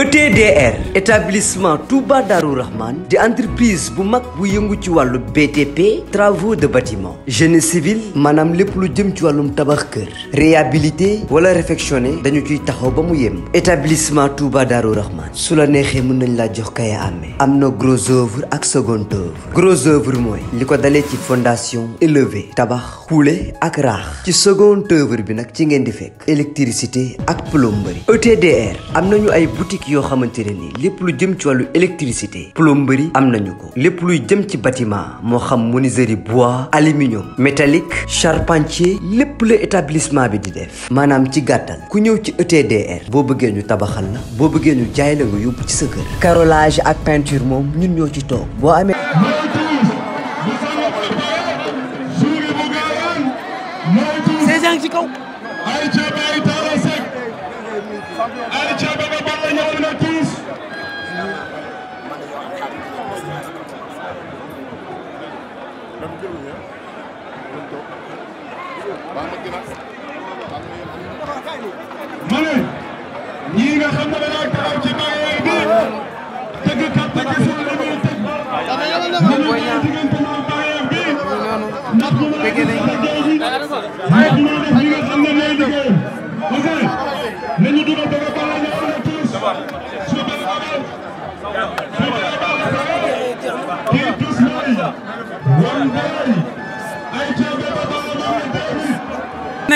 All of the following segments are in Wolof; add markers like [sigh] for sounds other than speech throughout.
ETDR établissement Touba Darou Rahman di entreprise bu mag bu yëngu ci wàllu BTP travaux de bâtiment génie civil maanaam lépp lu jëm ci wàllum tabax kër réhabilité wala réfectionné dañu ciy taxaw ba mu yem établissement Touba Darou Rahman su la neexee mën nañ laa jox kaya amee am na gros œuvre ak second œuvre gros œuvre mooy li ko dalee ci fondation élevé tabax xuule ak raax ci second œuvre bi nag ci ngeen di fekk électricité ak plomberie ETDR am yoo xamante ne nii lépp lu jëm ci wàllu électricité plomberie am nañu ko lépp luy jëm ci bâtiment moo xam ni menuiserie bois aluminium métallique charpentier lépp la établissement bi di def maanaam ci gàttal ku ñëw ci ETDR boo bëggee ñu tabaxal la boo bëggee ñu jaay la yóbbu ci sa kër carrelage ak peinture moom ñun ñoo ci toog boo amee ne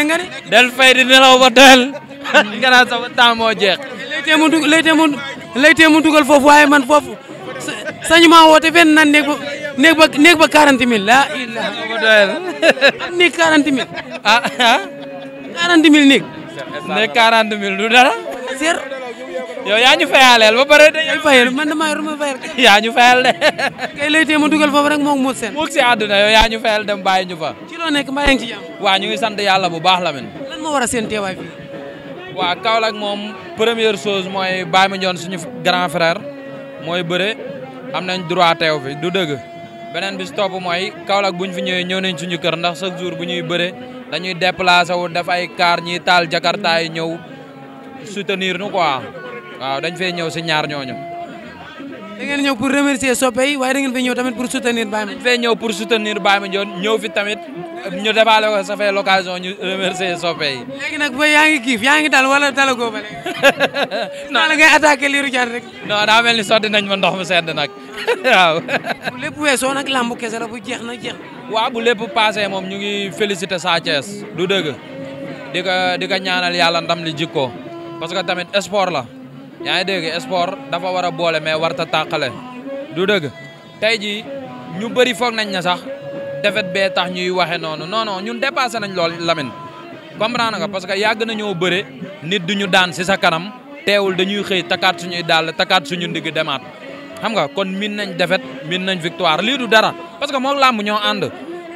nga ni. del fay di nelaw ba doyal. nga naan sama temps moo jeex. léegi foofu waaye man foofu sañu maa woote benn néeg ba néeg ba 40 000 laa ilaha illallah. am néeg 40 000. [laughs] ah ah. 40 000 du dara. seer. yow yaa ñu fayaleel ba pare de. yaa ñu fayal man ma fayal. kay lay ma dugal foofu rek moom muut seen. muut si àdduna yow yaa ñu fayal dem bàyyi ñu fa. ci loo nekk mbaa yaa ngi waa ñu ngi sant yàlla bu baax la man. lan moom première chose mooy Baye Mandione suñu grand frère mooy bëre am nañ droit teew fi du dëgg. beneen bi si mooy Kaolack bu ñu fi ñëwee ñëw nañ suñu kër ndax sa jour bu ñuy bëre dañuy déplacé wu def ay kaar ñiy taal jakarta yi ñëw soutenir nu quoi waaw dañ fay ñëw si ñaar ñooñu. da ngeen ñëw pour remercier soppe yi waaye da ngeen fay ñëw tamit pour soutenir Baye Mandione. fay ñëw pour soutenir Baye Mandione ñëw fi tamit ñu defaale ko ça fait l'occasion ñu remercier soppe yi. léegi nag ba yaa ngi kiif yaa ngi dal wala dalagoo ba léegi. [laughs] non la ngay attaqué liiru jaar rek. non daa mel ni sotti nañ ma ndox mu sedd nag [laughs] waaw. bu lépp weesoo nag lambu kese la bu jeex na jeex. waaw bu lépp passé moom ñu ngi félicité Sa Thiès du dëgg di ko di ko ñaanal yàlla ndam li jikko parce que tamit sport la. yaa ngi dégg sport dafa war a boole mais warta tàqale du dëgg tey jii ñu bëri foog nañ ne sax defet bee tax ñuy waxe noonu non non ñun dépassé nañ lool Lamine comprendre nga parce que yàgg nañoo bëre nit du ñu daan si sa kanam teewul dañuy xëy takaat suñuy dàll takaat suñu ndig demaat xam nga kon min nañ defet min nañ victoire lii du dara parce que moom làmb ñoo ànd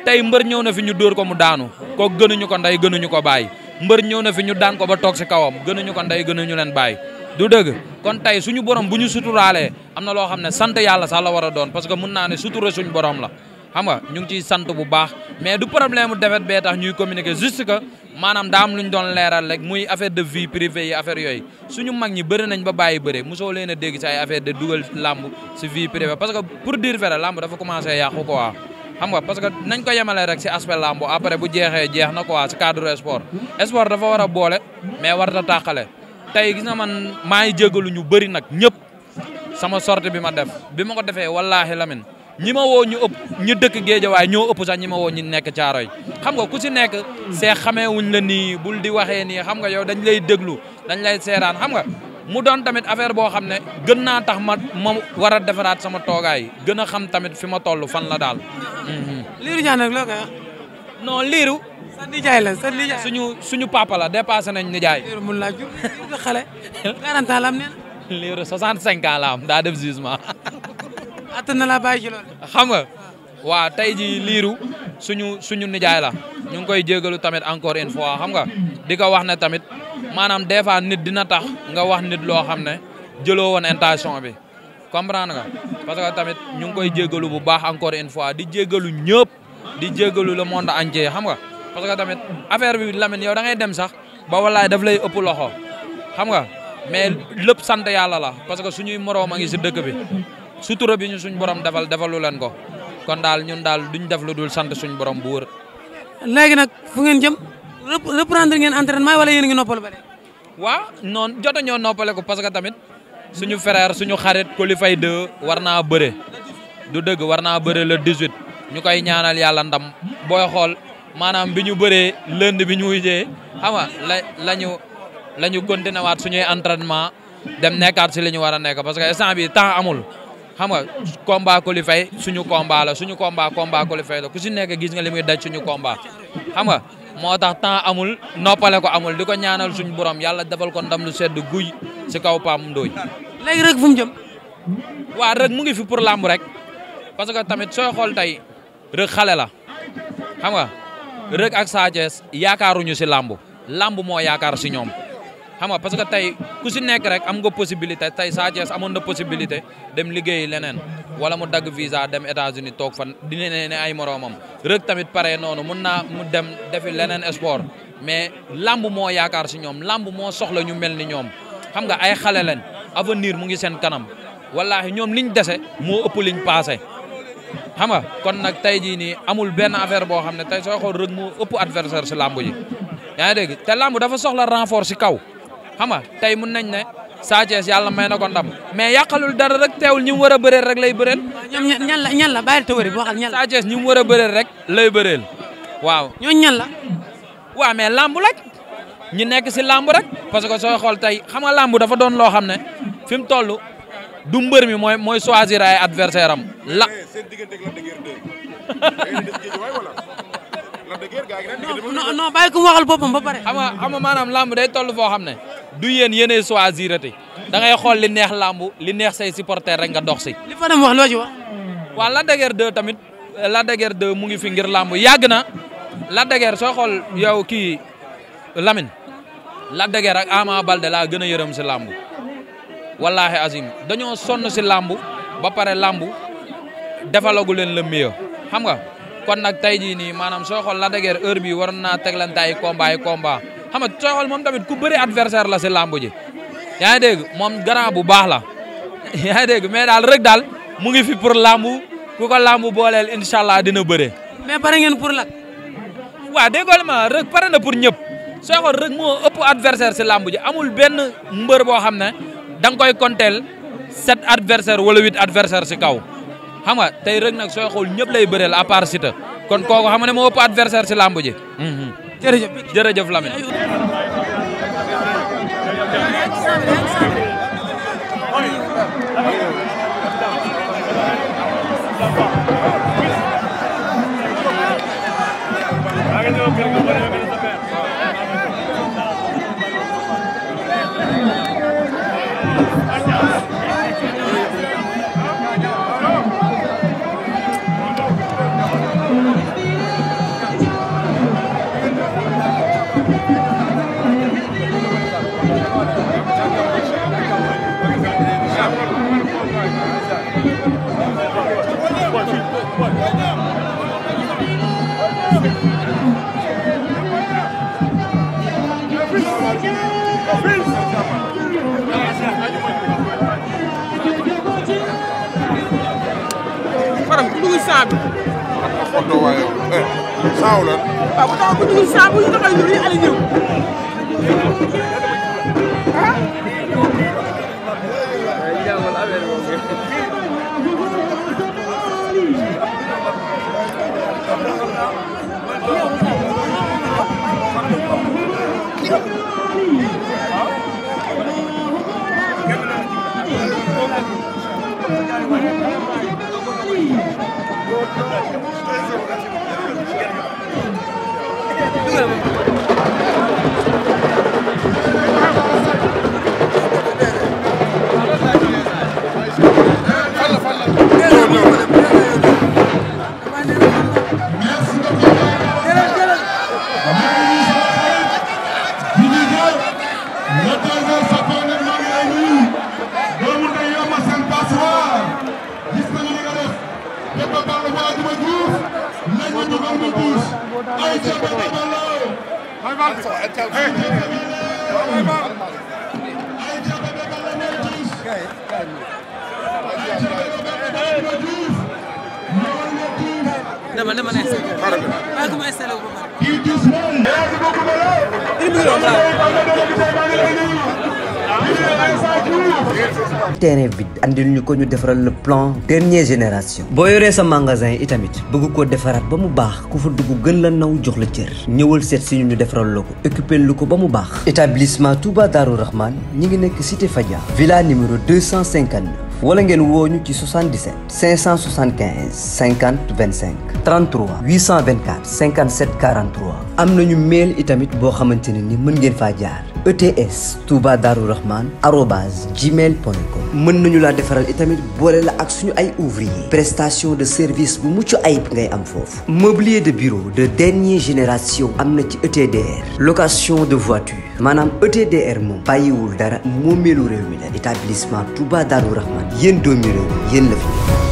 tey mbër ñëw na fi ñu dóor ko mu daanu ko gënuñu ko ndey gënuñu ko bàyyi mbër ñëw na fi ñu daan ba toog si kawam gënuñu ko ndey gënuñu leen bàyyi du dëgg kon tey suñu borom bu ñu suturaalee am na loo xam ne sant yàlla sax la war a doon parce que mun naa ne sutura suñu borom la xam nga ñu ngi ciy sant bu baax mais du problème mu defet bee tax ñuy communiquer juste que maanaam daa am doon leeral rek muy affaire de vie privée yi affaire yooy suñu mag ñi bëri nañ ba bàyyi bëre mosoo leen a dégg si affaire de dugal làmb si vie privée parce que pour dire vrai làmb dafa commencé yàqu quoi. xam que nañ ko yemale rek si aspect làmb après bu jeexee jeex na quoi si cadre sport sport dafa a boole mais warta tàqale tey gis nga man maa ngi jégalu ñu bëri nag ñëpp sama sorte bi ma def bi ma ko defee wallaahi lamin ñi ma woo ñu ëpp ñu dëkk géejawaay ñoo ëpp sax ñi ma woo ñu nekk caaroy xam nga ku si nekk see xamee wuñ la nii bul di waxee nii xam nga yow dañ lay déglu dañ lay seeraan xam nga mu doon tamit affaire boo xam ne gën naa tax ma ma war a defaraat sama toogaay gën a xam tamit fi ma toll fan la daal. Mhm. liiru ñaan nag loo koy non liiru. sa la sa suñu suñu papa la nañ nijaay. liir mun laa jur liir xale. 40 ans la am nee daa def jugement. attan na laa bàyyi ci xam nga waa tey ji liiru suñu suñu nijaay la ñu ngi koy jégalu tamit encore une fois xam nga di ko wax ne tamit maanaam des fois nit dina tax nga wax nit loo xam ne jëloo woon intention bi. comprendre nga parce que tamit ñu ngi koy jégalu bu baax encore une fois di jégalu ñëpp di jégalu le monde entier xam nga. parce que tamit affaire bi Lamine yow da ngay dem sax ba wallaay daf lay ëpp loxo xam nga mais lépp sant yàlla la parce que suñuy moroom a ngi si dëkk bi sutura bi ñu suñ borom defal defalu leen ko kon daal ñun daal du ñu def lu dul sant suñu borom bu wër. léegi nag fu ngeen jëm reprendre ngeen entraînement wala yéen a ngi noppalu waaw noonu jot ñoo noppale ko parce que tamit suñu frère suñu xarit Coly Faye 2 war naa bëre du dëgg war naa bëre le 18 ñu koy ñaanal yàlla ndam booy xool maanaam bi ñu bëree lënd bi ñu wujjee xam nga la la ñu la ñu continué waat suñuy entraînement dem nekkaat si li ñu war a nekk parce que instant bi temps amul xam nga combat qualifié suñu combat la suñu combat combat qualifié la ku si nekk gis nga li muy daj suñu combat xam nga moo tax temps amul noppale ko amul di ko ñaanal suñu borom yàlla defal ko ndam lu sedd guy si kaw paam Ndoye. léegi rek fu mu jëm. waa rek mu ngi fi pour làmb rek parce que tamit so xool tey rek xale la xam nga. Reug ak Sa yaakaaruñu si làmb làmb moo yaakaar si ñoom xam nga parce que tey ku si nekk rek am nga possibilité tey Sa Thiès amoon na possibilité dem liggéeyi leneen wala mu dagg visa dem états uni toog fan dina ne ay moroomam Reug tamit pare noonu mun naa mu dem defi leneen sport mais làmb moo yaakaar si ñoom làmb moo soxla ñu mel ni ñoom xam nga ay xale avenir mu ngi seen kanam wallaahi ñoom liñ dese moo ëpp liñ passé xam nga kon nag tey jii nii amul benn affaire boo xam ne tey soo xool mu ëpp adversaire si làmb ji yaa dégg te làmb dafa soxla renfort si kaw xam nga tey mun nañ ne Sa Thiès yàlla may na ko ndam mais yàqalul dara rek teewul ñi mu war a bëreel rek lay bëreel. ñoom ñan la ñan la bàyyi la tawari war a bëreel rek lay bëreel waaw. ñooñu ñan la. waaw làmb rek ñu nekk si làmb parce que soo xool tey xam nga làmb dafa doon loo xam ne fi mu toll du mbër mi mooy mooy choisir ay adversaire am la. Eh, non non bàyyi ko waxal boppam ba pare. xam nga xam nga maanaam làmb day toll foo xam ne du yéen yéenay choisirate da ngay xool li neex làmb li neex say supporter rek nga dox si. li fa wax loo ci wax. waaw Lac de Guiers 2 tamit Lac de Guiers mu ngi fi ngir làmb yàgg na Lac de Guiers soo xool yow kii Lamine Lac de Guiers ak Ama Balde laa gën a yërëm si làmb. wallaahi azim dañoo sonn si làmb ba pare làmb defalagu leen le mieux xam nga kon nag tey jii nii maanaam soo xool la dëgër heure bi waroon naa teglante ay combat ay combat xam nga soo xool moom tamit ku bëri adversaire la si làmb ji yaa ngi dégg moom grand bu baax la [laughs] yaa ngi dégg mais daal rek daal mu ngi fi pour làmb ku ko làmb booleel incha allah dina bëre. mais pare ngeen pour lak waaw déggoo rek pare na pour ñëpp soo xool rek moo ëpp adversaire si lambu ji amul benn mbër boo xam ne. da nga koy konteel sept adversaire wala huit adversaire si kaw xam nga tey rek nag sooy xool ñëpp lay bëreel à part Siteu kon kooku xam nga ne moo ëpp adversaire si làmb ji jërëjëf jërëjëf Lamine faram ku dugg saa bi. waaw waaye eh saa wu la. waaw bu taxaw ku dugg saa bu ñu taxaw ñu ne Aliou ñëw. dugal ma suuf ba tooy. dama dama ne. xaaral bi maa ngi installé wu ba pare. terrain bi andil ñu ko ñu defaral le plan dernière génération boo yoree sa magasin itamit bëgg koo defaraat ba mu baax ku fa dugg gën la naw jox la cër ñëwal seet si ñu ñu defaral la ko occupé lu ko ba mu baax établissement Touba Darou Rahman ñi ngi nekk cité Fadia villa numéro 259 wala ngeen wooñu ñu ci 77 575 50 25 33 824 57 43 am nañu mail itamit boo xamante ne ni mën ngeen faa jaar ETS Touba Darou Rahman arobase gmail point com mën nañu laa defaral itamit boole la ak suñu ay ouvrier prestation de service bu mucc ayib ngay am foofu mobilier de bureau de dernière génération am na ci ETDR location de voiture maanaam ETDR moom bàyyiwul dara moomeelu réew mi la établissement Touba Darou Rahman yéen doomi réew yéen la fi